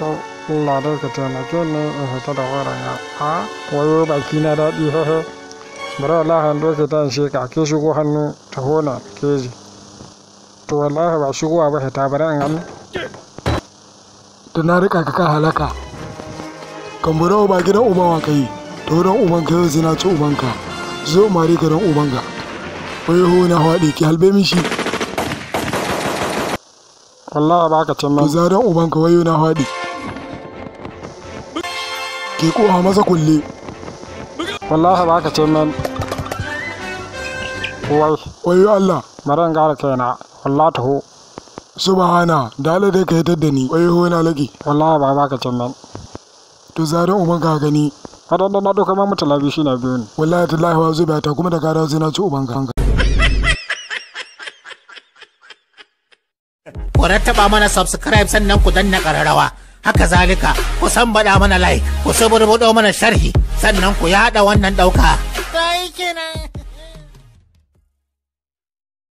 fatan Allah da ka taimake ni in fita da wurin ya a wayo baki na daɗi hehe bari wallahi an doke ta in sheka ke shigo hannu ta hona keji to wallahi ba shigowa ba ta bari in hannu da na rika ka halaka kambura ba gidan uban wa kai to wurin uban ka yau zina ci uban ka zo mari ka don uban ka wayo hona haɗe ki halbe mishi wallahi ba ka can ma ku zaran uban ka wayo na haɗe ke kowa masa kulle wallahi ba ka ce min wai wai Allah maran gara kaina wallahi taho subhana da Allah dai ka yi da ni wai ho na laki wallahi ba ba ka ce min to zaran uban ka gani hadan na doka ma bi shi na biyu ne wallahi lahi wa zuba ta kuma da gara zai na ci uban ka ku rattaba mana subscribe sannan ku danna ƙararrawa haka zalika ku san bada mana like ku suburbuɗo mana sharhi sannan ku yaɗa wannan ɗauka.